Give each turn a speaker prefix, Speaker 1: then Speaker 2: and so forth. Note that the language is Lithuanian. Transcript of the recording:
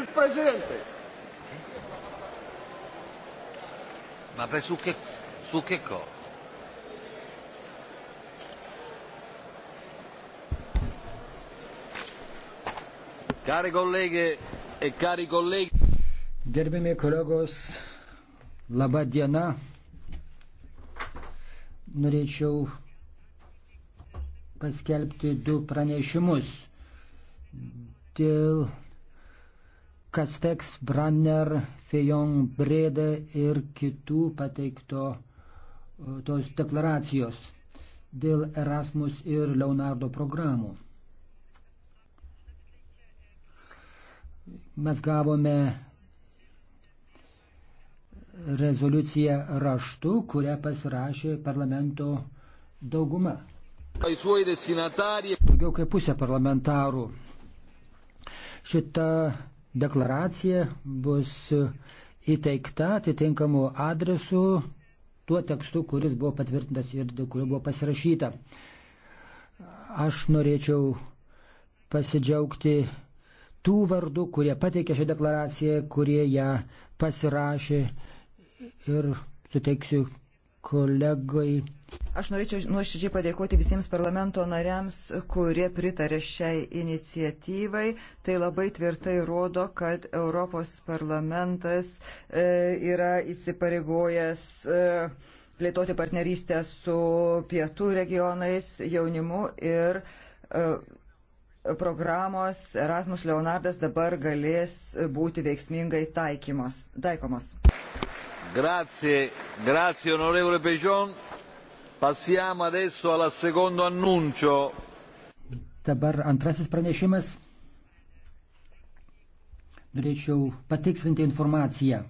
Speaker 1: il Presidente.
Speaker 2: Vabbè, su che, su che cosa?
Speaker 1: Care colleghe e cari colleghi.
Speaker 2: Gerbiami kolegos, laba diena. Norėčiau paskelbti du pranešimus dėl Kasteks, Branner, Fejon, Breda ir kitų pateikto e, tos deklaracijos dėl Erasmus ir Leonardo programų. Mes gavome rezoliuciją raštu, kurią pasirašė parlamento dauguma.
Speaker 1: Daugiau
Speaker 2: kaip pusė parlamentarų. Šita deklaracija bus įteikta atitinkamu adresu tuo tekstu, kuris buvo patvirtintas ir dėl kurio buvo pasirašyta. Aš norėčiau pasidžiaugti tų vardų, kurie pateikė šią deklaraciją, kurie ją pasirašė ir suteiksiu kolegai
Speaker 1: Aš norėčiau nuoširdžiai padėkoti visiems parlamento nariams, kurie pritarė šiai iniciatyvai. Tai labai tvirtai rodo, kad Europos parlamentas e, yra įsipareigojęs. E, plėtoti partnerystę su pietų regionais, jaunimu ir e, programos Erasmus Leonardas dabar galės būti veiksmingai taikymos, taikomos. Grazie, grazie, onorevole Pejon. Passiamo adesso alla secondo annuncio.
Speaker 2: Dabar antrasis pranešimas. Norėčiau patikslinti informaciją.